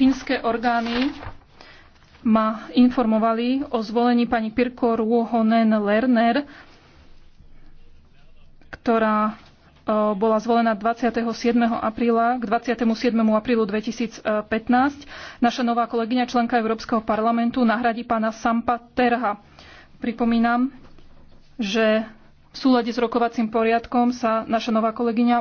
Fínske orgány ma informovali o zvolení pani Pirko Ruohonen Lerner, ktorá e, bola zvolená 27. apríla k 27. aprílu 2015. Naša nová kolegyňa, členka Európskeho parlamentu, nahradí pána Sampa Terha. Pripomínam, že v súlade s rokovacím poriadkom sa naša nová kolegyňa